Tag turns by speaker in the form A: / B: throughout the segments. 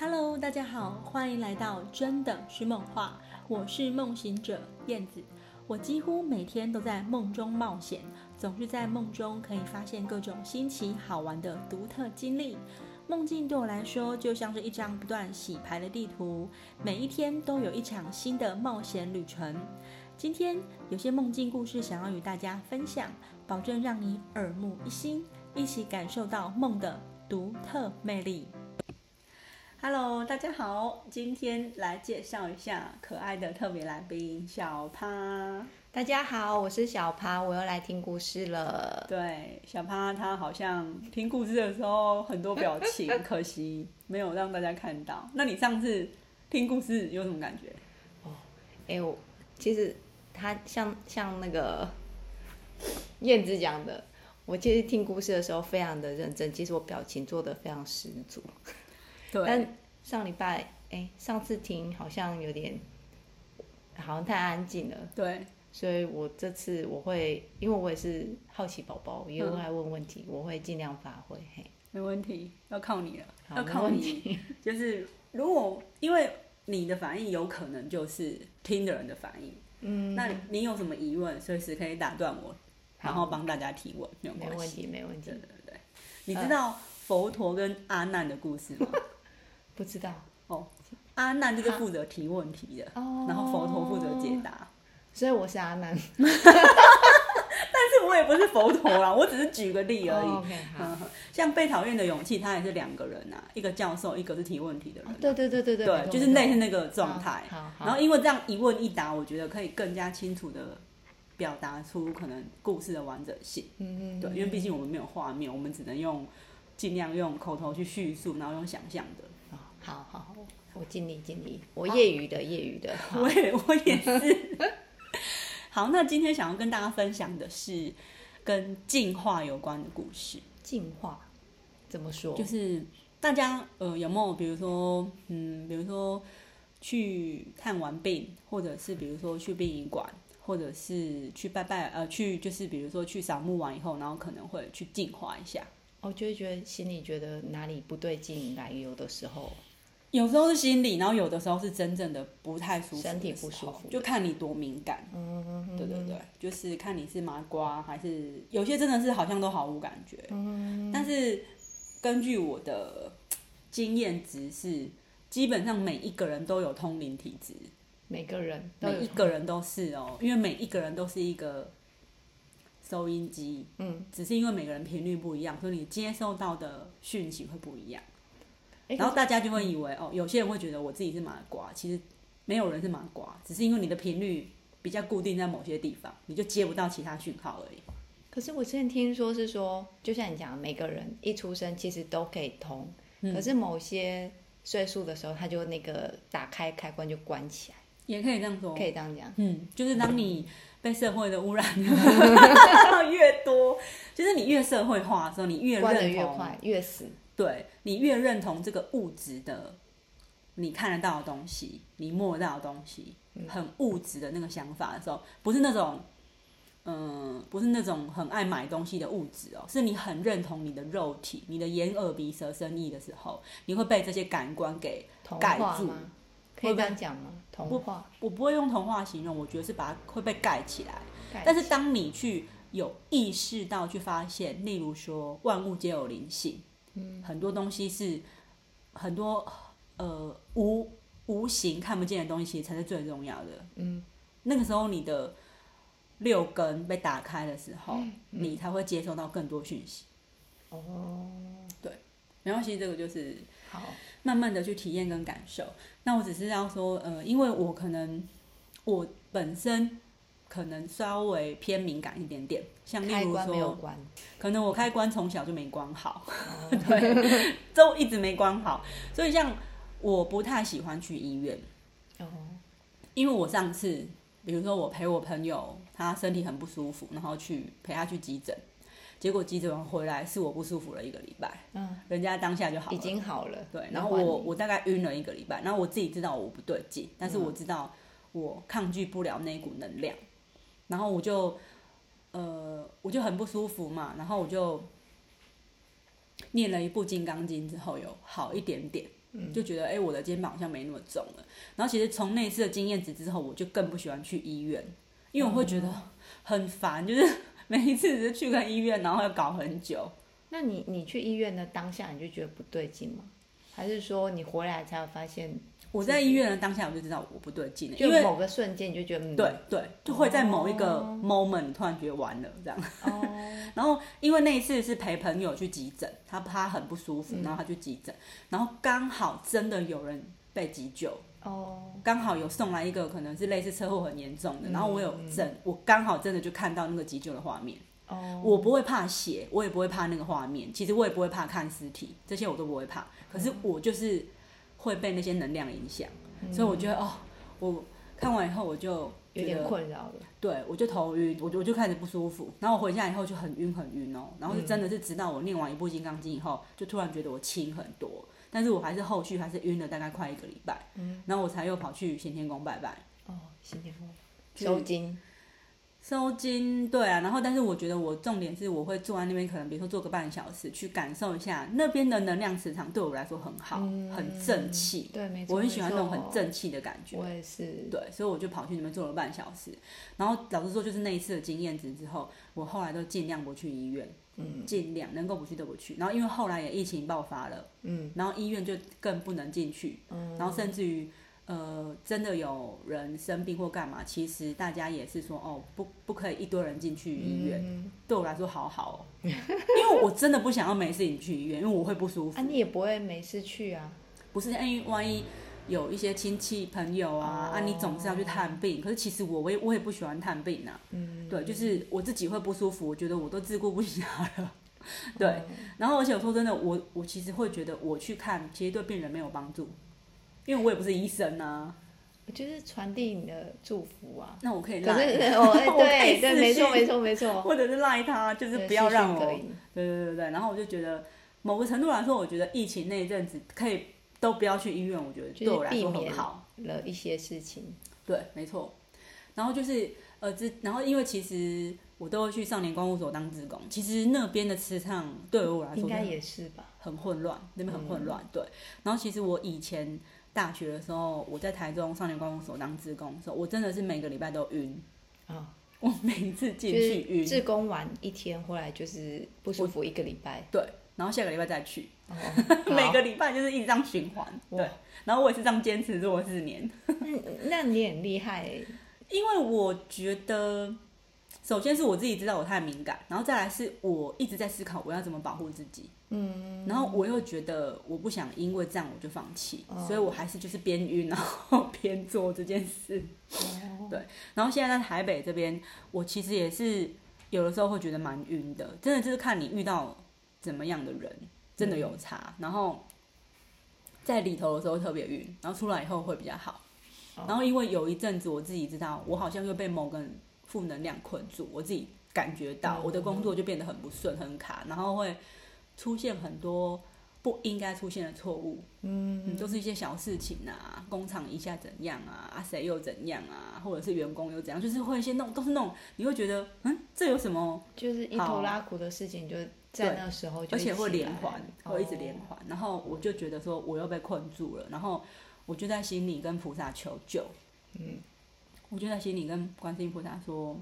A: Hello，大家好，歡迎來到真的是夢話。我是夢行者燕子。我幾乎每天都在夢中冒險，總是在夢中可以發現各種新奇好玩的獨特經歷。夢境對我來說就像是一張不斷洗牌的地圖，每一天都有一場新的冒險旅程。今天有些夢境故事想要與大家分享，保證讓你耳目一新，一起感受到夢的獨特魅力。Hello，大家好，今天來介紹一下可愛的特別來賓小趴。大家好，我是小趴，我又來聽故事了。對，小趴他好像聽故事的時候很多表情， 可惜沒有讓大家看到。那你上次聽故事有什麼感覺？哦，哎，我其
B: 實他像像那個燕子講的，我其實聽故事的時候非常的認真，其實我表情做得非常十足。對，但上禮拜，哎、欸，上次聽好像有點，好像太安靜了。對，所以我這次我會，因為我也是好奇寶寶，也會
A: 問問題，嗯、我會盡量發揮。嘿，沒問題，要靠你了。要靠你。就是如果因為你的反應有可能就是聽的人的反應，嗯，那你有什麼疑問，隨時可以打斷我，然後幫大家提問，沒有問題，沒問題。對，對對，你知道佛陀跟阿難的故事嗎？ 不知道哦，阿難就是負責提問題的，哦、然後佛陀負責解答，所以我是阿難， 但是我也不是佛陀啦，我只是舉個例而已。哦 okay, 嗯。像被討厭的勇氣，他也是兩個人啊，一個教授，一個是提問題的人
B: 啊。對，哦，對對對對，對，就是類似那個狀態。
A: 哦。然後因為這樣一問一答，我覺得可以更加清楚的表達出可能故事的完整性。嗯，嗯嗯，對，因為畢竟我們沒有畫面，我們只能用儘量用口頭去敘述，然後用想象的。好好，我盡力盡力。我業餘的，啊、業餘的。我也我也是。 好，那今天想要跟大家分享的是跟淨化有關的故事。淨化怎麼說？就是大家呃有沒有比如說嗯比如說去看完病，或者是比如說去殯儀館，或者是去拜拜呃去就是比如說去掃墓完以後，然後可能會去淨化一下。我就會覺得心裡覺得哪裡不對勁來，有的時候。有時候是心理，然後有的時候是真正的不太舒服，身體不舒服，就看你多敏感。嗯，嗯，對對對，就是看你是麻瓜還是有些真的是好像都毫無感覺。嗯，但是根據我的經驗值是，基本上每一個人都有通靈體質，每個人，每一個人都是哦、喔，因為每一個人都是一個收音機，嗯，只是因為每個人頻率不一樣，所以你接受到的訊息會不一樣。
B: 然後大家就會
A: 以為哦，有些人會覺得我自己是麻瓜，其實沒有人是麻瓜，只是因為你的頻率比較固定在某些地方，你就接不到其他訊號而已。
B: 可是我之前聽說是說，就像你講，每個人一出生其實都可以通、嗯，可是某些歲數的時候，他就那個打開開關就關起來。
A: 也可以這樣說，可以這樣講，嗯，就是當你被社會的污染了 越多，就是你越社會化的時候，你越關越快，越死。對，你越認同這個物質的，你看得到的東西，你摸到的東西，很物質的那個想法的時候，不是那種，嗯、呃，不是那種很愛買東西的物質哦，是你很認同你的肉體，你的眼耳鼻舌身意的時候，你會被這些感官給蓋住，同化會會可以這樣講嗎？同化我，我不會用同化形容，我覺得是把它會被蓋起來蓋起。但是當你去有意識到去發現，例如說萬物皆有靈性。嗯、很多東西是很多呃無無形看不見的東西其實才是最重要的，嗯。那個時候你的六根被打開的時候，嗯嗯，你才會接收到更多訊息。哦，對，沒關係，這個就是好慢慢的去體驗跟感受。那我只是要說，呃，因為我可能我本身。可能稍微偏敏感一點點，像例如說，可能我開關從小就沒關好，嗯、 對，都一直沒關好，所以像我不太喜歡去醫院，哦，因為我上次，比如說我陪我朋友，他身體很不舒服，然後去陪他去急診，結果急診完回來是我不舒服了一個禮拜，嗯，人家當下就好了，已經好了，對，然後我然後我大概暈了一個禮拜，然後我自己知道我不對勁，但是我知道我抗拒不了那股能量。嗯然後我就，呃，我就很不舒服嘛。然後我就念了一部《金剛經》之後，有好一點點，嗯、就覺得哎、欸，我的肩膀好像沒那麼重了。然後其實從那次的經驗值之後，我就更不喜歡去醫院，
B: 因為我會覺得
A: 很煩，嗯、就是每一次只是去個醫院，然後要搞很久。
B: 那你你去醫院的當下，你就覺得不對勁嗎？還是說你回來
A: 才有發現？我在醫院的當下，我就知道我不對勁，因為某
B: 個瞬間你就覺得、嗯、對
A: 對，就會在某一個 moment 突然覺得完了這樣。哦。 然後因為那一次是陪朋友去急診，他他很不舒服，然後他去急診、嗯，然後剛好真的有人被急救。哦。剛好有送來一個可能是類似車禍很嚴重的，嗯、然後我有診、嗯，我剛好真的就看到那個急救的畫面。Oh. 我不會怕血，我也不會怕那個畫面，其實我也不會怕看屍體，這些我都不會怕。可是我就是會被那些能量影響、
B: 嗯，所以我覺得哦，
A: 我看完以後我就有點困擾了，對，我就頭暈，我我就開始不舒服、嗯，然後我回家以後就很暈很暈哦，喔，然後是真的是直到我念完一部金剛經以後，就突然覺得我輕很多，但是我還是後續還是暈了大概快一個禮拜、嗯，然後我才又跑去先天宮拜拜，哦，先天宮收金。收金對啊，然後但是我覺得我重點是我會坐在那邊，可能比如說坐個半小時，去感受一下那邊的能量磁場，對我來說很好、嗯，很正氣。對，沒錯，我很喜歡那種很正氣的感覺。我也是。對，所以我就跑去那邊坐了半小時。然後老實說，就是那一次的經驗值之後，我後來都儘量不去醫院，嗯、儘量能夠不去都不去。然後因為後來也疫情爆發了，嗯、然後醫院就更不能進去，嗯、然後甚至於。呃，真的有人生病或幹嘛，其實大家也是說，哦，不，不可以一堆人進去醫院，嗯。對我來說，好好、喔， 因為我真的不想要沒事你去醫院，因為我會不舒服。啊，你也不會沒事去啊？不是，因為萬一有一些親戚朋友啊，嗯，啊，你總是要去探病，哦。可是其實我，我也，我也不喜歡探病吶，啊。嗯。對，就是我自己會不舒服，我覺得我都自顧不暇了。 對。然後，而且我說真的，我我其實會覺得，我去看，其實對病人沒有幫助。因為我也不是醫生吶、啊，我就是傳遞你的祝福啊。那我可以賴你， 對對，沒錯沒錯沒錯。或者是賴他，就是不要讓我。對對，對對對。然後我就覺得，某個程度來說，我覺得疫情那一陣子，可以都不要去醫院，我覺得對我來說很好。避免了一些事情。對，沒錯。然後就是呃，這然後因為其實我都會去少年公務所當職工，其實那邊的磁場對於我來說，應該也是吧，很混亂，那邊很混亂。嗯、對。然後其實我以前。大學的時候，我在台中少年觀護所當志工的時候，我真的是每個禮拜都暈、哦、我每一次進去暈，就是、志工完一天回來就是不舒
B: 服一個禮拜。
A: 對，然後下個禮拜再去，哦、 每個禮拜就是一直這樣循環。對，然後我也是這樣堅持做了四年。那、 嗯、那你很厲害、欸，因為我覺得。首先是我自己知道我太敏感，然後再來是我一直在思考我要怎麼保護自己，嗯，然後我又覺得我不想因為這樣我就放棄，哦、所以我還是就是邊暈然後邊做這件事、哦，對，然後現在在台北這邊，我其實也是有的時候會覺得蠻暈的，真的就是看你遇到怎麼樣的人，真的有差，嗯、然後在裡頭的時候特別暈，然後出來以後會比較好，哦、然後因為有一陣子我自己知道我好像又被某個人。負能量困住我自己，感覺到、嗯、我的工作就變得很不順，很卡，然後會出現很多不應該出現的錯誤，
B: 嗯，
A: 都是一些小事情啊，工廠一下怎樣啊，啊誰又怎樣啊，或者是員工又怎樣，就是會一些都是弄。你會覺得，嗯，這有什麼？就是一頭拉苦的事情，就在那時候就，而且會連環，會一直連環、哦，然後我就覺得說我又被困住了，然後我就在心裡跟菩薩求救，嗯。我就在心裡跟觀世音菩薩說，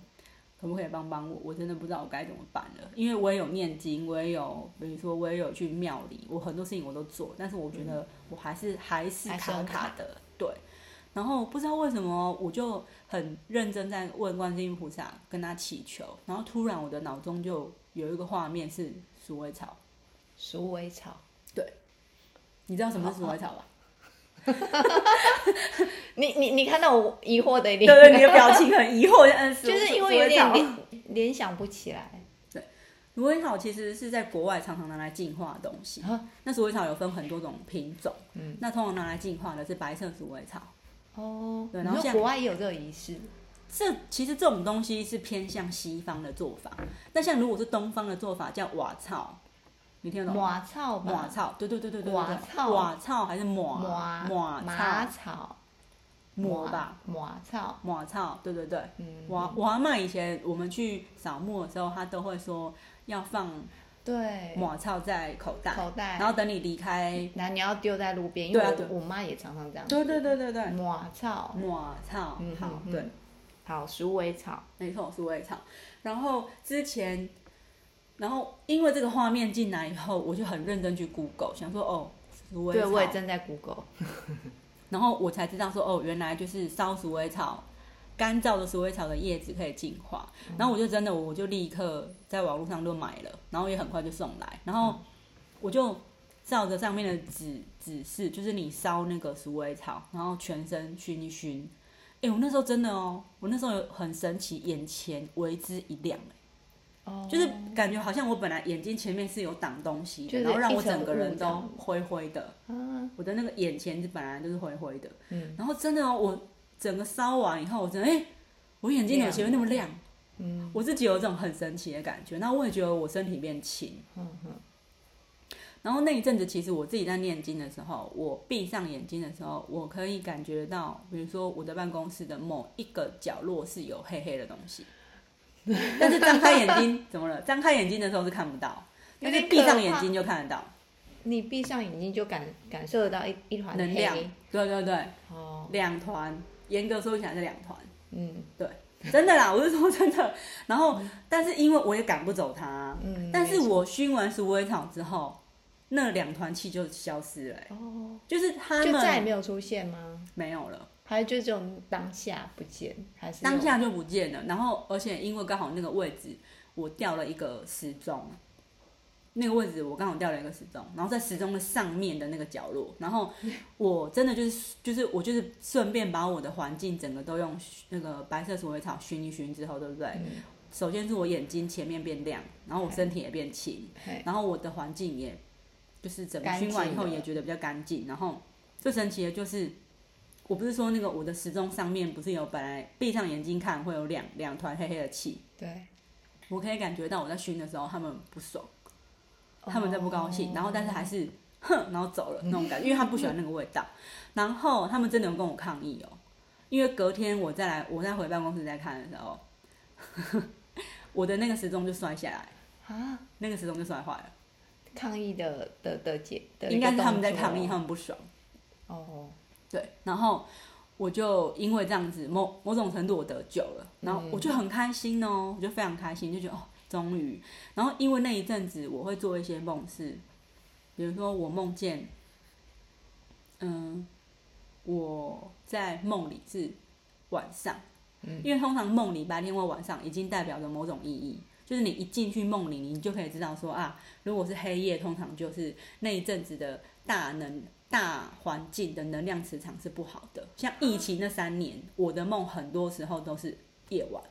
A: 可不可以幫幫我？我真的不知道我該怎麼辦了，因為我也有念經，我也有，比如說我也有去廟裡，我很多事情我都做，但是我覺得我還是、嗯、還是卡卡，卡卡的，對。然後不知道為什麼，我就很認真在問觀世音菩薩，跟他祈求，然後突然我的腦中就有一個畫面是鼠尾草，鼠尾草，對，你知道什麼是鼠尾草吧？好好
B: 你你你看到我疑惑的一點，對對，你的表情很疑惑， 就是因為有點
A: 聯想不起來，對，鼠尾草其實是在國外常常拿來淨化的東西，那鼠尾草有分很多種品種，嗯，那通常拿來淨化的是白色鼠尾草。哦，對，然後像國外也有這個儀式？這其實這種東西是偏向西方的做法，那像如果是東方的做法，叫抹草。抹草吧，抹草，對對對對對對，抹草，草還是抹抹草，抹吧，抹草，抹草，草，草，草，對對對，嗯、我我阿嬤以前我們去掃墓的時候，她都會說要放對抹草在口袋，口袋，然後等你離開，那你要丟在路邊，因為我對對對我媽也常常這樣，對對對對對，抹草，抹草，嗯、好、嗯、對，好鼠尾草，沒錯，鼠尾草，然後之前。然後，因為這個畫面進來以後，我就很認真去 Google，想說哦，鼠尾草，對，我也正在 Google， 然後我才知道說哦，原來就是燒鼠尾草，乾燥的鼠尾草的葉子可以淨化。嗯。然後我就真的，我就立刻在網絡上都買了，然後也很快就送來。然後我就照着上面的指指示，就是你燒那個鼠尾草，然後全身燻一燻。哎，我那時候真的哦，我那時候有很神奇，眼前為之一亮。Oh, 就是感覺好像我本來眼睛前面是有擋東西的，然後讓我整個人都灰灰的。嗯，我的那個眼前本來就是灰灰的。嗯，然後真的、喔、我整個燒完以後，我真的，哎、欸，我眼睛怎麼會那麼亮？嗯。嗯，我自己有這種很神奇的感覺。那我也覺得我身體變輕。嗯哼、嗯。然後那一陣子，其實我自己在念經的時候，我閉上眼睛的時候，我可以感覺到，比如說我的辦公室的某一個角落是有黑黑的東西。 但是張開眼睛怎麼了？張開眼睛的時候是看不到，
B: 但是閉上眼睛就看得到。你閉上眼睛就感感受得到一一團能量，
A: 對對對，哦，兩團，嚴格說起來是兩團，嗯，對，真的啦，我是說真的。然後，但是因為我也趕不走他，嗯，但是我燻完鼠尾草之後，那兩團氣就消失了、欸，哦，就是他們。就再也沒有出現嗎？沒有了。還有就是這種當下不見，還是當下就不見了。然後，而且因為剛好那個位置，我掉了一個時鐘。那個位置我剛好掉了一個時鐘，然後在時鐘的上面的那個角落，然後我真的就是就是我就是順便把我的環境整個都用那個白色鼠尾草燻一燻之後，對不對？嗯。首先是我眼睛前面變亮，然後我身體也變輕，然後我的環境也就是整個燻完以後也覺得比較乾淨。然後最神奇的就是。我不是說那個我的時鐘上面不是有本來閉上眼睛看會有兩兩團黑黑的氣，對，我可以感覺到我在燻的時候他們不爽，他們在不高興，oh. 然後但是還是哼，然後走了那種感覺，因為他不喜歡那個味道， 然後他們真的有跟我抗議哦，因為隔天我再來我再回辦公室再看的時候， 我的那個時鐘就摔下來啊，huh? 那個時鐘就摔壞了，
B: 抗議的的的解
A: 的應該是他們在抗議，他們不爽哦。Oh. 對，然後我就因為這樣子某，某某種程度我得救了，然後我就很開心哦，我就非常開心，就覺得哦，終於。然後因為那一陣子我會做一些夢事，比如說我夢見，嗯、呃，我在夢裡是晚上，嗯，因為通常夢裡白天或晚上已經代表着某種意義，就是你一進去夢裡，你就可以知道說啊，如果是黑夜，通常就是那一陣子的大能。大環境的能量磁場是不好的，像疫情那三年，我的夢很多時候都是夜晚。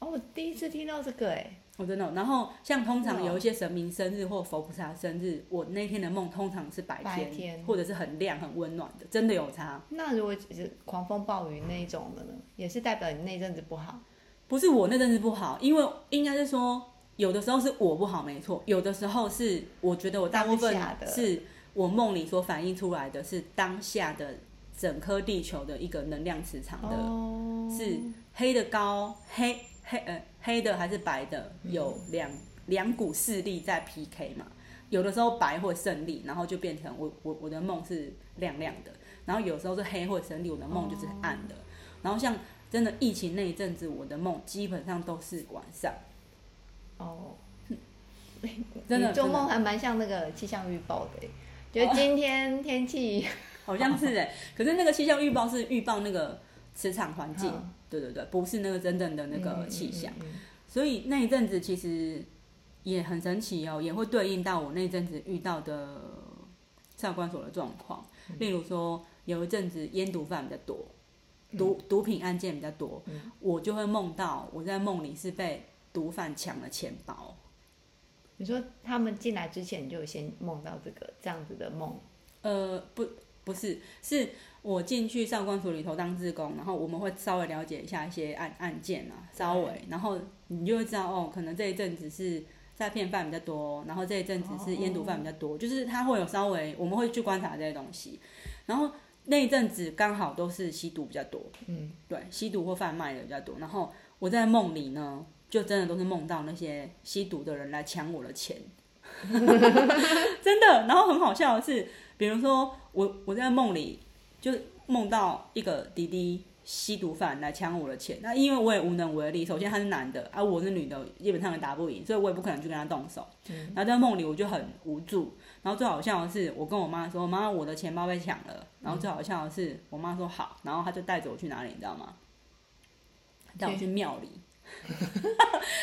A: 哦，oh，我第一次聽到這個，哎，我真的。然後像通常有一些神明生日或佛菩薩生日，oh. 我那天的夢通常是白天，白天，或者是很亮很溫暖的，真的有差。那如果只是狂風暴雨那一種
B: 的呢？也是代表你那陣子不好？
A: 不是我那陣子不好，因為應該是說有的時候是我不好，沒錯，有的時候是我覺得我大部分是。我夢裡所反映出來的是當下的整顆地球的一個能量磁場的，oh. 是黑的高黑黑呃黑的還是白的？有兩兩股勢力在 PK 嘛？有的時候白會勝利，然後就變成我我我的夢是亮亮的，然後有的時候是黑會勝利，我的夢就是暗的。Oh. 然後像真的疫情那一陣子，我的夢基本上都是晚上。哦、oh. 真的，就做夢還
B: 蠻像那個氣象預報的覺得今天天氣、
A: oh, 好像是哎、欸， 可是那個氣象預報是預報那個磁場環境，oh. 對對對，不是那個真正的那個氣象、嗯嗯嗯嗯。所以那一陣子其實也很神奇哦，也會對應到我那一陣子遇到的少觀所的狀況、嗯。例如說，有一陣子煙毒犯比較多，毒、嗯、毒品案件比較多，嗯、我就會夢到我在夢裡是被毒販搶了錢包。你說他們進來之前你就先夢到這個這樣子的夢？呃，不，不是，是我進去上官所裡頭當志工，然後我們會稍微了解一下一些案案件啊，稍微，然後你就會知道哦，可能這一陣子是詐騙犯比較多，然後這一陣子是菸毒犯比較多，哦，就是他會有稍微我們會去觀察這些東西，然後那一陣子剛好都是吸毒比較多，嗯，對，吸毒或販賣的比較多，然後我在夢裡呢。就真的都是夢到那些吸毒的人來搶我的錢， 真的。然後很好笑的是，比如說我我在夢裡就夢到一個滴滴吸毒犯來搶我的錢，那因為我也無能為力。首先他是男的啊，我是女的，基本上也打不贏，所以我也不可能去跟他動手。嗯，然後在夢裡我就很無助。然後最好笑的是，我跟我媽說：“媽，我的錢包被搶了。”然後最好笑的是，我媽說：“好。”然後她就帶着我去哪裡，你知道嗎？
B: 帶我去
A: 廟裡。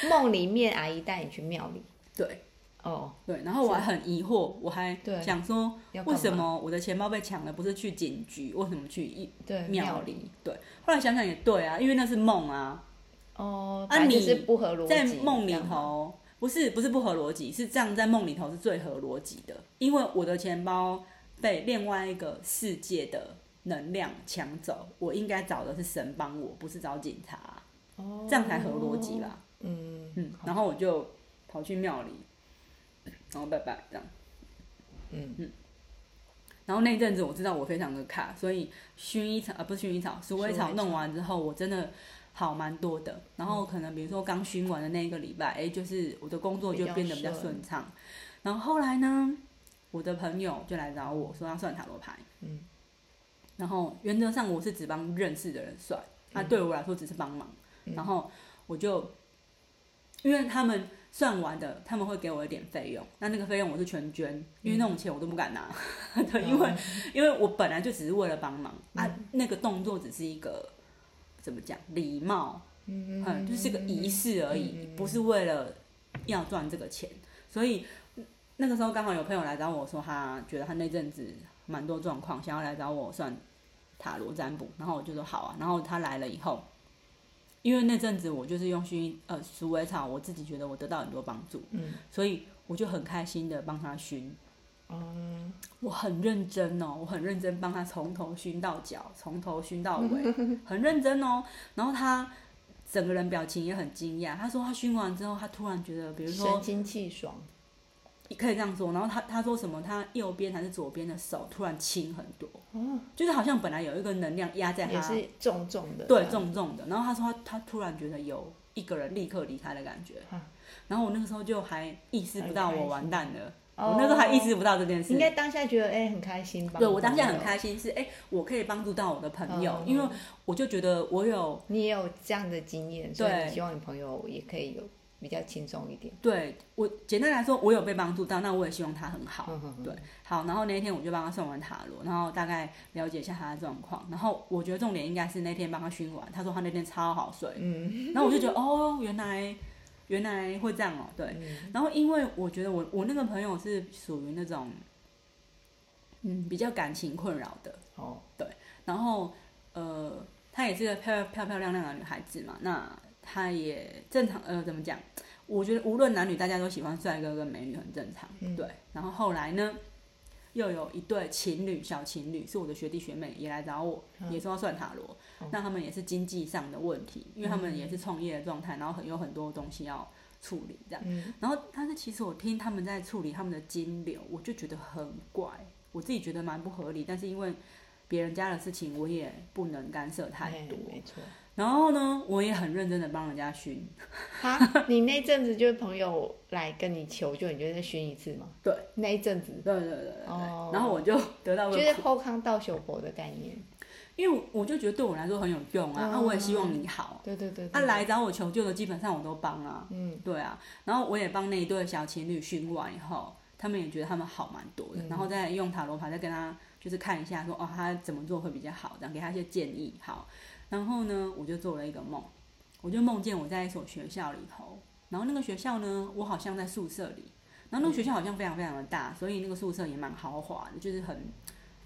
A: 夢 裡面阿姨帶你去廟裡，對，哦、oh,，對，然後我還很疑惑，我還想說，為什麼我的錢包被搶了，不是去警局，為什麼去一廟裡？對，後來想想也對啊，因為那是夢啊。哦、oh, 啊，
B: 啊，你是不合邏輯在夢裡
A: 頭，不是不是不合邏輯，是這樣在夢裡頭是最合邏輯的，因為我的錢包被另外一個世界的能量搶走，我應該找的是神幫我，不是找警察。這樣才合邏輯啦。哦、嗯嗯，然後我就跑去廟裡，然後拜拜，這樣。嗯嗯，然後那陣子我知道我非常的卡，所以薰衣草啊，不是薰衣草，鼠尾草弄完之後，我真的好蠻多的。然後可能比如說剛熏完的那一個禮拜，哎、嗯，就是我的工作就變得比較順暢。然後後來呢，我的朋友就來找我說要算塔羅牌。嗯，然後原則上我是只幫認識的人算，那、嗯、對我來說只是幫忙。嗯、然後我就，因為他們算完的，他們會給我一點費用，那那個費用我是全捐，嗯、因為那種錢我都不敢拿， 對、嗯，因為因為我本來就只是為了幫忙、嗯、啊，那個動作只是一個怎麼講，禮貌，嗯嗯，就是個儀式而已、嗯，不是為了要賺這個錢，所以那個時候剛好有朋友來找我說，他覺得他那陣子蠻多狀況，想要來找我算塔羅占卜，然後我就說好啊，然後他來了以後。因為那陣子我就是用熏，呃，鼠尾草，我自己覺得我得到很多幫助，嗯，所以我就很開心的幫他熏，嗯，我很認真哦，我很認真幫他從頭熏到腳，從頭熏到尾， 很認真哦。然後他整個人表情也很驚訝，他說他熏完之後，他突然覺得，比如說，神清氣爽。可以這樣說，然後他他說什麼？他右邊還是左邊的手突然輕很多、嗯，就是好像本來有一個能量壓在他，也是重重的，對，嗯、重重的。然後他說他，他突然覺得有一個人立刻離開的感覺、啊，然後我那個時候就還意識不到我完蛋了，oh, 我那時候還意識不到這件事情。應該
B: 當下覺得哎、欸、很開心吧？對，我當下很開
A: 心是哎、欸、我可以幫助到我的朋友，嗯、因為我就覺得我有你也有這樣的經驗，
B: 對，希望你朋友也可以有。比較輕鬆一點，
A: 對我簡單來說，我有被幫助到、嗯，那我也希望他很好。嗯、哼哼對，好，然後那一天我就幫他送完塔羅，然後大概了解一下他的狀況，然後我覺得重點應該是那天幫他熏完，他說他那天超好睡，嗯、然後我就覺得、嗯、哦，原來原來會這樣哦、喔，對、嗯，然後因為我覺得我我那個朋友是屬於那種，嗯，比較感情困擾的哦，對，然後呃，她也是個漂漂漂亮亮的女孩子嘛，那。他也正常，呃，怎麼講？我覺得無論男女，大家都喜歡帥哥跟美女，很正常，對、嗯。然後後來呢，又有一對情侶，小情侶，是我的學弟學妹，也來找我，嗯、也說要算塔羅。那、嗯、他們也是經濟上的問題、嗯，因為他們也是創業的狀態，然後很有很多東西要處理這樣、嗯。然後，但是其實我聽他們在處理他們的金流，我就覺得很怪，我自己覺得蠻不合理。但是因為別人家的事情，我也不能干涉太多。嘿嘿，沒錯。然後呢，我也很認真的幫人家熏。
B: 你那陣子就是朋友來跟你求救，你就再熏一次嘛？ 對，那一陣子。對對對對，對，對、oh, 然後我就得到就是好康倒相報的
A: 概念，因為我就覺得對我來說很有用啊，那、oh, 啊、我也希望你好、
B: 啊。對對對，對。他、啊、來
A: 找我求救的基本上我都幫啊，嗯，對啊。然後我也幫那一對小情侶熏完以後，他們也覺得他們好蠻多的，嗯、然後再用塔羅牌再跟他就是看一下說，說哦他怎麼做會比較好，這樣給他一些建議，好。然後呢，我就做了一個夢，我就夢見我在一所學校裡頭，然後那個學校呢，我好像在宿舍裡，然後那個學校好像非常非常的大，所以那個宿舍也蠻豪華的，就是很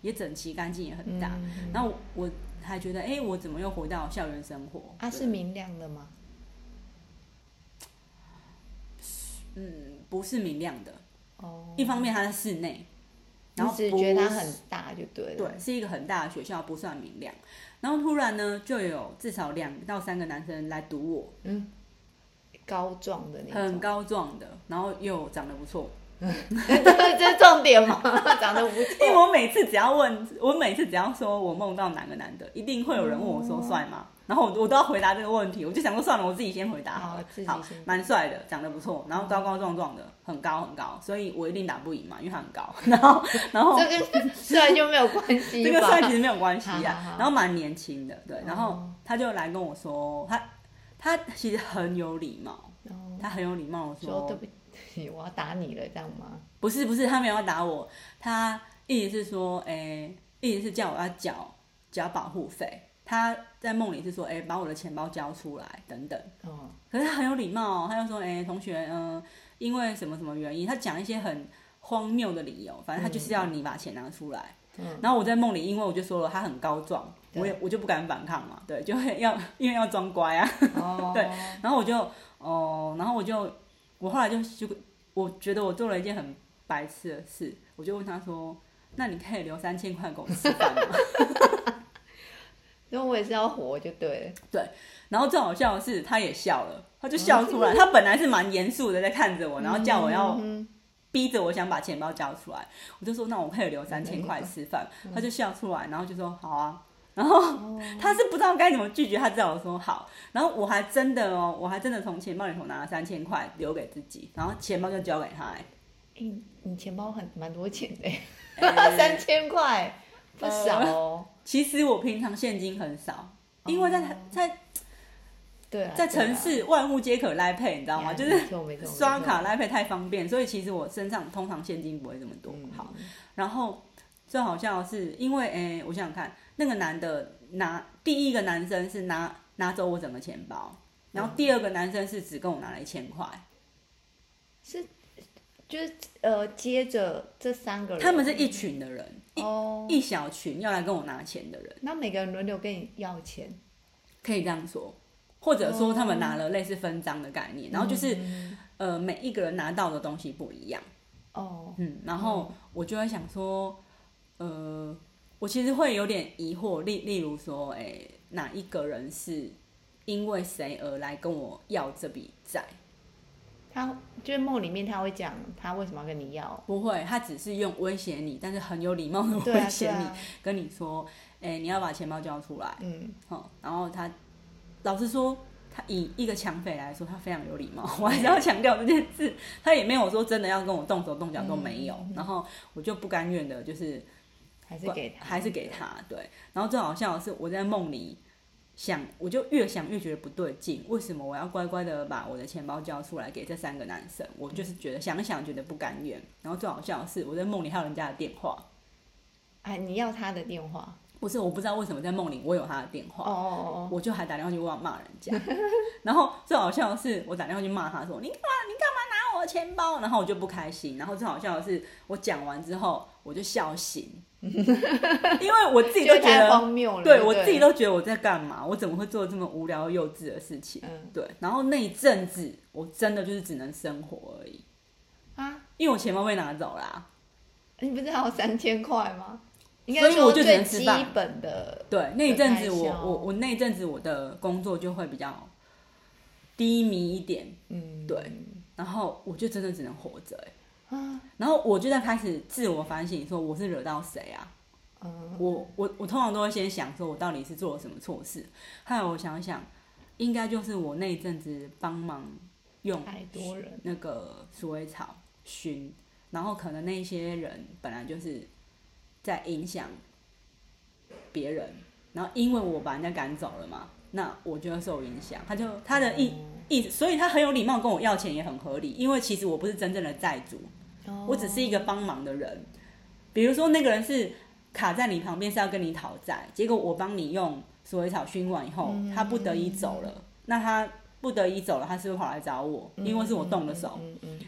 A: 也整齊乾淨，也很大，嗯。然後我還覺得，哎、欸，我怎麼又回到校園生活、嗯。啊，是明亮的嗎？嗯，不是明亮的。
B: Oh, 一方面它
A: 在室內，然後只覺得它很大就對了。對，是一個很大的學校，不算明亮。然後突然呢，就有至少兩到三個男生來堵我，嗯，高壯的那，很高壯的，然後又長得不錯。嗯，這是重點嘛？長得不錯。因為我每次只要問，我每次只要說我夢到哪個男的，一定會有人問我說，帥嗎？然後我我都要回答這個問題。我就想說算了，我自己先回答好了，好，蠻帥的，長得不錯，然後高高壯壯的，很高很高，所以我一定打不贏嘛，因為他很高。然後然後 這跟
B: 帥就沒有關係， 這個帥其實沒有關係啊。然後
A: 蠻年輕的，對。然後他就來跟我說，他他其實很有禮貌，他很有禮貌地說。說我要打你了，這樣嗎？不是不是，他沒有要打我，他一直是說，哎、欸，一直是叫我要繳繳保護費。他在夢裡是說，哎、欸，把我的錢包交出來，等等。嗯、可是他很有禮貌、哦，他就說，哎、欸，同學，嗯、呃，因為什麼什麼原因？他講一些很荒謬的理由，反正他就是要你把錢拿出來。嗯、然後我在夢裡，因為我就說了，他很高壯、嗯，我也我就不敢反抗嘛，對，就會要因為要裝乖啊，哦、 對。然後我就，哦、呃，然後我就，我後來就就。我覺得我做了一件很白痴的事，我就問他說：“那你可以留三千塊給我吃飯嗎？” 因為我也是要活，就對對。然後最好笑的是，他也笑了，他就笑出來。嗯、他本來是蠻嚴肅的在看着我，然後叫我要逼着我想把錢包交出來、嗯嗯。我就說：“那我可以留三千塊吃飯。”嗯嗯，他就笑出來，然後就說：“好啊。”然後他是不知道該怎麼拒絕，他只好說好。然後我還真的哦，我還真的從錢包裡頭拿了三千塊留給自己，然後錢包就交給他。哎，你錢包很蠻多錢的、哎，三千塊不少、哦呃、其實我平常現金很少，因為在、哦、在在，對、啊、在城市對、啊對啊、萬物皆可賴 Pay，你知道嗎？就是刷卡賴 Pay 太方便，所以其實我身上通常現金不會這麼多。嗯、好，然後最好笑是因為哎，我想想看。那個男的拿第一個男生是拿拿走我整個錢包，然後第二個男生是只跟我拿了一千塊，嗯、是就是
B: 呃，接着這三個人，他們是一
A: 群的人，一、哦、一小群要來跟我拿錢的人，
B: 那每個人輪流跟你要錢，
A: 可以這樣說，或者說他們拿了類似分贓的概念，然後就是、嗯、呃，每一個人拿到的東西不一樣，哦，嗯，然後我就會想說，呃。我其實會有點疑惑，例例如說，哎、欸，哪一個人是因為誰而來跟我要這筆債？他就是夢裡面他會講，他為什麼要跟你要？不會，他只是用威脅你，但是很有禮貌的威脅你，啊啊，跟你說，哎、欸，你要把錢包交出來。嗯，好，然後他，老實說，他以一個搶匪來說，他非常有禮貌。我還是要強調這件事，他也沒有說真的要跟我動手動腳都沒有。嗯、然後我就不甘願的，就是。還是給他，還是給他。對，對。然後最好笑的是，我在夢裡想，我就越想越覺得不對勁，為什麼我要乖乖的把我的錢包交出來給這三個男生？我就是覺得想想覺得不甘願。然後最好笑的是，我在夢裡還有人家的電話。
B: 哎、啊，你要他的電話？
A: 不是，我不知道為什麼在夢裡我有他的電話。哦，哦哦哦，我就還打電話去問，罵人家。 然後最好笑的是，我打電話去罵他說：“你幹嘛？你幹嘛拿？”我的錢包，然後我就不開心。然後最好笑的是，我講完之後我就笑醒，因為我自己都覺得荒謬了。對，我自己都覺得我在幹嘛？我怎麼會做這麼無聊幼稚的事情？對。然後那一陣子，我真的就是只能生活而已，因為我錢包被拿走了。
B: 你不是還有三千塊嗎？
A: 所以我就只能吃飯。基本的，對。那一陣子，我我我那陣子我的工作就會比較低迷一點。嗯，對。然後我就真的只能活着哎、欸啊，然後我就在開始自我反省，說我是惹到誰啊？嗯、我我我通常都會先想說，我到底是做了什麼錯事。後來我想想，應該就是我那一陣子幫忙用那個鼠尾草燻，然後可能那些人本來就是在影響別人，然後因為我把人家趕走了嘛，那我就會受影響，他就他的意。嗯所以他很有禮貌，跟我要錢也很合理，因為其實我不是真正的債主，我只是一個幫忙的人。比如說那個人是卡在你旁邊，是要跟你討債，結果我幫你用鼠尾草熏完以後，他不得已走了。那他不得已走了，他是不是跑來找我？因為是我動的手，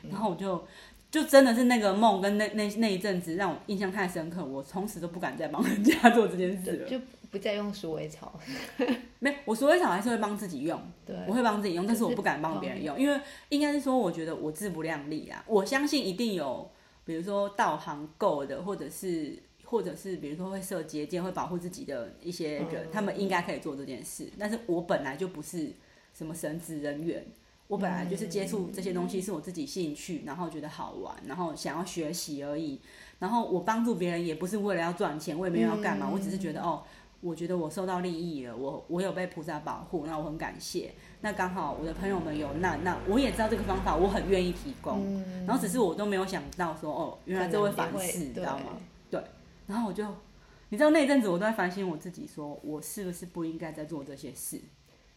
A: 然後我就就真的是那個夢跟那那那一陣子讓我印象太深刻，我從此都不敢再幫人家做這件事了。
B: 不再用鼠尾草，
A: 沒，我鼠尾草還是會幫自己用，對，我會幫自己用，但是我不敢幫別人用，嗯，因為應該是說，我覺得我自不量力啊，我相信一定有，比如說道行夠的，或者是或者是比如說會設結界會保護自己的一些人，哦，他們應該可以做這件事，但是我本來就不是什麼神職人員，我本來就是接觸這些東西是我自己興趣，嗯，然後覺得好玩，然後想要學習而已，然後我幫助別人也不是為了要賺錢，我也沒有要幹嘛，嗯，我只是覺得哦。我覺得我受到利益了，我我有被菩薩保護，那我很感謝。那剛好我的朋友們有難，那我也知道這個方法，我很願意提供。嗯。然後只是我都沒有想到說，哦，原來這會反噬，知道嗎？對。對。然後我就，你知道那陣子我都在反省我自己說，說我是不是不應該再做這些事？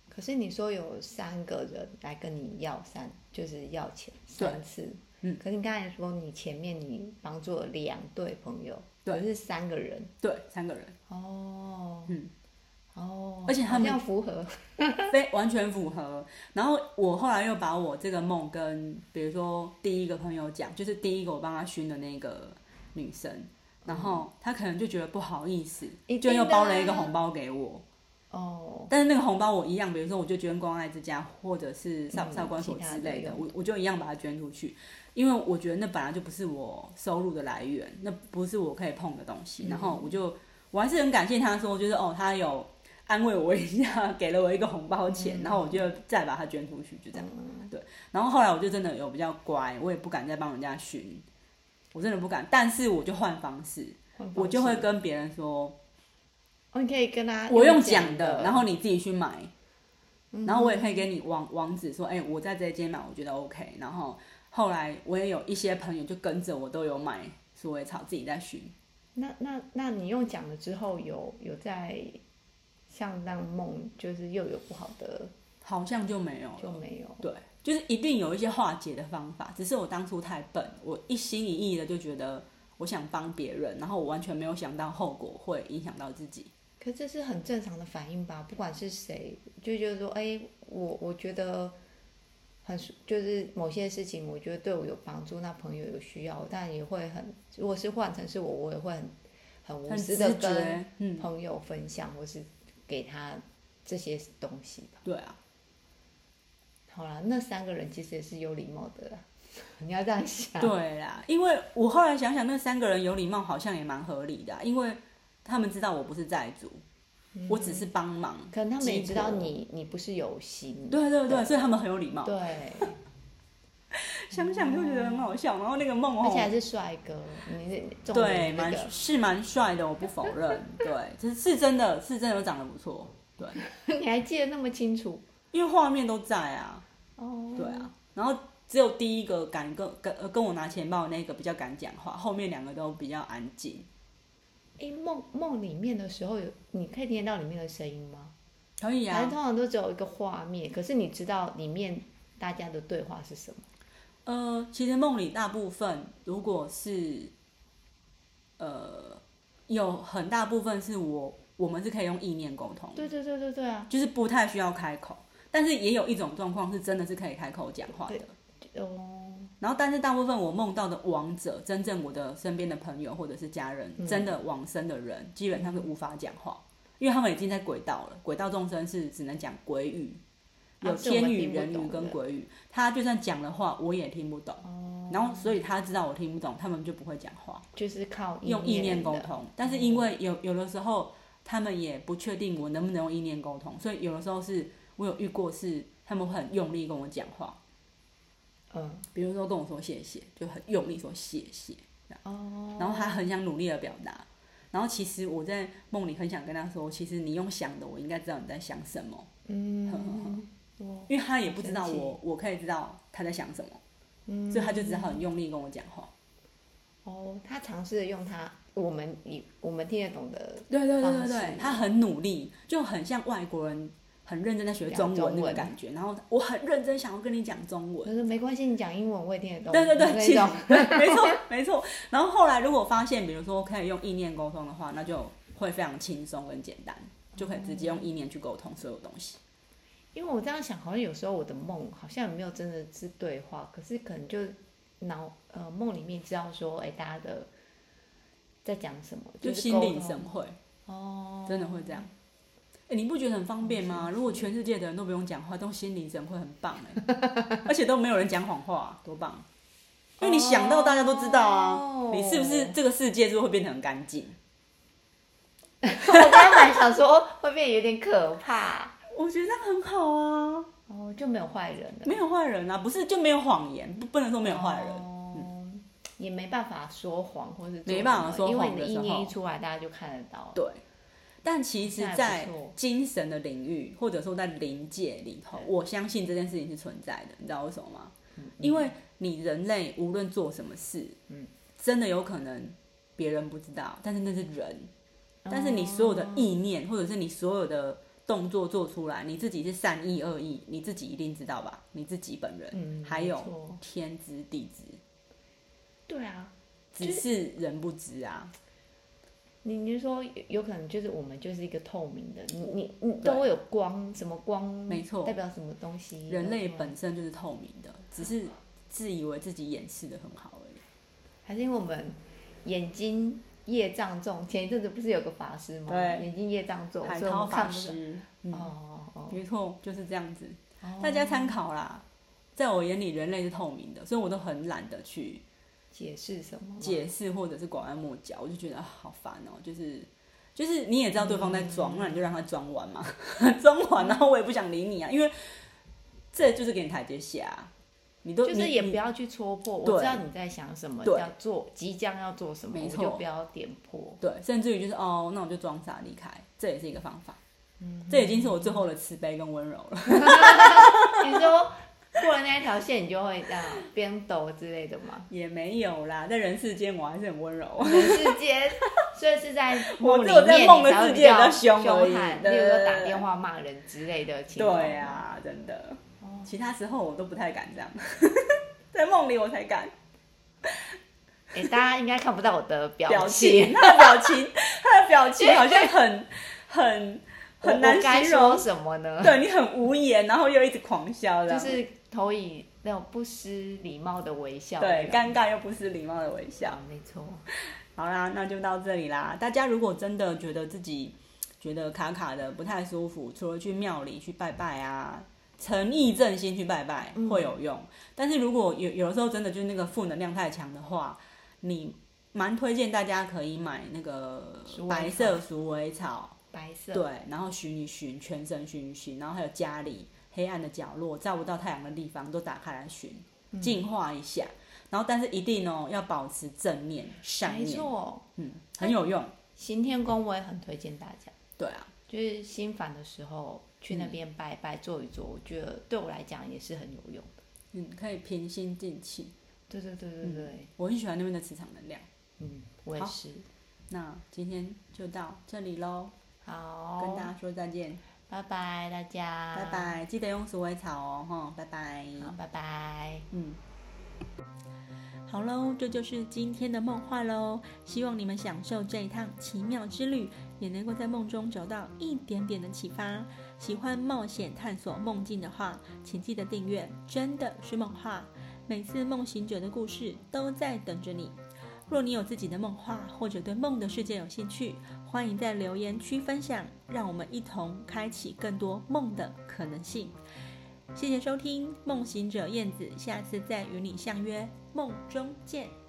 A: 可是你說有三個
B: 人來跟你要三，就是要錢三次。嗯，可是你剛才說你前面你幫助了兩對朋友，對，是，是三個人，對，三個人，哦，嗯，哦，而且他們要符合，
A: 非完全符合。 然後我後來又把我這個夢跟比如說第一個朋友講，就是第一個我幫他燻的那個女生，然後他可能就覺得不好意思，嗯、就又包了一個紅包給我，啊，哦，但是那個紅包我一樣，比如說我就捐關愛之家，或者是少、少觀所之類的，嗯、我我就一樣把它捐出去。因為我覺得那本來就不是我收入的來源，那不是我可以碰的東西。嗯、然後我就我還是很感謝他，說就是哦，他有安慰我一下，給了我一個紅包錢。嗯、然後我就再把它捐出去，就這樣、嗯。對。然後後來我就真的有比較乖，我也不敢再幫人家尋，我真的不敢。但是我就換方式，方式我就會跟別人說，你
B: 可以跟他，我用講
A: 的、嗯，然後你自己去買、嗯。
B: 然後我也可以
A: 給你網網址說，說哎，我在這間買，我覺得 OK。然後。後來我也有一些朋友就跟着我都有買鼠尾草，自己在熏。
B: 那那那你又講了之後有有，
A: 在像那個夢就是又有不好的，好像就沒有就沒有。對，就是一定有一些化解的方法，只是我當初太笨，我一心一意的就覺得我想幫別人，然後我完全沒有想到後果會影響到自己。
B: 可是這是很正常的反應吧？不管是誰就覺得說，哎、欸，我我覺得。很就是某些事情，我覺得對我有幫助，那朋友有需要，但也會很，如果是換成是我，我也會很很無私的跟朋友分享，嗯，或是給他這些東西吧。對啊。好啦，那三個人其實也是有禮貌的啦，你要這樣想。對
A: 啦，因為我後來想想，那三個人有禮貌，好像也蠻合理的，啊，因為他們知道我不是債主。嗯、我只是幫忙，可能他們也知道你，你不是有心。對對對，對所以他們很有禮貌。對， 想想就覺得很好笑。然後那個夢、嗯，而且還是帥哥，你是、那個、對，蠻是蠻帥的，我不否認。 對，是真的是真的，是真的都長得不錯。對，
B: 你還記得那麼清楚？
A: 因為畫面都在啊。
B: 對
A: 啊，然後只有第一個敢跟跟跟我拿錢包的那個比較敢講話，後面兩個都比較安靜。
B: 因夢夢裡面的時候有，你可以聽到裡面的聲音嗎？可以啊。但是通常都只有一個畫面，
A: 可是你知道裡面大家的對
B: 話是什麼？
A: 呃，其實夢裡大部分如果是，呃，有很大部分是我我們是可以用意念溝通的，
B: 對對對對對啊，
A: 就是不太需要開口，但是也有一種狀況是真的是可以開口講話的。哦、oh.，然後但是大部分我夢到的亡者，真正我的身邊的朋友或者是家人，嗯、真的往生的人，基本上是無法講話，嗯、因為他們已經在鬼道了。鬼道眾生是只能講鬼語，啊、有天語、人語跟鬼語。他就算講的話，我也聽不懂。Oh. 然後所以他知道我聽不懂，他們就不會講話，就是靠用意念溝通。嗯、但是因為有有的時候他們也不確定我能不能用意念溝通，所以有的時候是我有遇過是他們會很用力跟我講話。嗯，比如說跟我說謝謝，就很用力說謝謝這樣哦，然後他很想努力的表達，然後其實我在夢裡很想跟他說，其實你用想的，我應該知道你在想什麼。嗯，呵呵呵哦、因為他也不知道我，我，我可以知道他在想什麼，嗯、所以他就只好很用力跟我講話、嗯嗯。
B: 哦，他嘗試用他我們你我們聽得懂的對對，對對對對，
A: 他很努力，就很像外國人。很認真在學中文那個感覺，然後我很
B: 認真想要跟你講中文。可、就是說沒關係，你講英文我也聽得懂。對對對，對
A: 沒錯 沒錯。然後後來如果發現，比如說可以用意念溝通的話，那就會非常輕鬆跟簡單、嗯，就可以直接用意念去溝通所有東西。因為我這樣想，好像有時候我的
B: 夢好像有沒有真的是對話，可是可能就腦呃夢裡面知道說，
A: 哎、欸，大家的在講什麼，就，是、就心領神會哦，真的會這樣。哎、欸，你不覺得很方便嗎？如果全世界的人都不用講話，都心靈整會很棒，哎、欸， 而且都沒有人講謊話、啊，多棒、啊！因為你想到大家都知道啊，oh、你是不是這個世界就會變得很乾淨？
B: 我剛才想說
A: 會變得有點可怕，
B: 我覺得很好啊。哦、oh,，就沒有壞人
A: 沒有壞人啊，不是就沒有謊言，不，不能說沒有壞人、
B: 嗯，也沒辦法說謊或是沒辦法說謊，因為你意念一
A: 出來，大家就看得到。對。但其實，在精神的領域，或者說在靈界裡頭，我相信這件事情是存在的。你知道為什麼嗎？嗯、因為你人類無論做什麽事，嗯，真的有可能別人不知道，但是那是人，嗯、但是你所有的意念、嗯，或者是你所有的動作做出來，嗯、你自己是善意、惡意，你自己一定知道吧？你自己本人，嗯、還有天知地知，
B: 對啊，
A: 只是人不知啊。
B: 你就說有可能就是我們就是一個透明的，
A: 你你
B: 你都會有光，什麼光？沒錯，代表什麼東西？人類
A: 本身就是透明的，只是自以為自己掩飾得很好而、欸、
B: 已。還是因為我們眼睛業障重，前一陣子不是有個法師嗎？對，眼睛業
A: 障重，這個、海濤法師。哦、
B: 嗯、哦，
A: 沒錯，就是這樣子，大家參考啦。在我眼裡，人類是透明的，所以我都很懶得去。解釋什麼？解釋或者是拐彎抹角，我就覺得好煩哦、喔。就是，就是你也知道對方在裝、嗯嗯，那你就讓他裝完嘛，裝 完，然後我也不想理你啊，嗯、因為這就是給你台階下。你都就是也不要去戳破，我知道你在想什麼，對，要做即將要做什麼，你就不要點破。對，甚至於就是哦，那我就裝傻離開，這也是一個方法。嗯，嗯，這已經是我最後的慈悲跟溫柔了。 你說。過了那一條線，你就會這樣邊抖之類的嗎？也沒有啦，在人世間我還是很溫柔。 人世
B: 間，所以是在我只有在夢的世界你比較凶而已。例如打電話罵人之類的情況嗎？對對對對。對啊，真的、哦。其他
A: 時候我都不太敢這樣， 在夢裡我才敢。哎、欸，大家應該看不到我的表情，他的表情，他的表情， 他的表情好像很、欸、很、欸、很難形容，說什
B: 麼呢？對你
A: 很無言，然後又一直狂笑的，就是。投影那種不失禮貌、貌的微笑，對，尷尬又不失禮貌的微笑，沒錯。好啦，那就到這裡啦。大家如果真的覺得自己覺得卡卡的，不太舒服，除了去廟裡去拜拜啊，誠意正心去拜拜會有用。嗯。但是如果有有的時候真的就是那個負能量太強的話，你蠻推薦大家可以買那個白色鼠尾草，白色，對，然後燻一燻，全身燻一燻，然後還有家裡。黑暗的角落、照不到太陽的地方都打開來巡，淨、嗯、化一下，然後但是一定呢，要保持正面善念，嗯，很有用。欸、行天宮，我也很推薦大家、嗯，
B: 對啊，就是心煩的時候去那邊拜拜、坐、嗯、一坐，我覺得對我來講也
A: 是很有用的。嗯，可以平心靜氣。對對對對對，嗯、我很喜歡那邊的磁場能量。嗯，我也是。那今天就到這裡嘍，好，跟大家說再見。拜拜，大家！拜拜，記得用鼠尾草哦，拜拜。好，拜拜。嗯，好嘍，這就是今天的夢話嘍。希望你們享受這一趟奇妙之旅，也能夠在夢中找到一點點的啟發。喜歡冒險探索夢境的話，請記得訂閱。真的是夢話，每次夢行者的故事都在等着你。若你有自己的夢話，或者對夢的世界有興趣，歡迎在留言區分享，讓我們一同開啟更多夢的可能性。謝謝收聽《夢行者》燕子，下次再與你相約夢中見。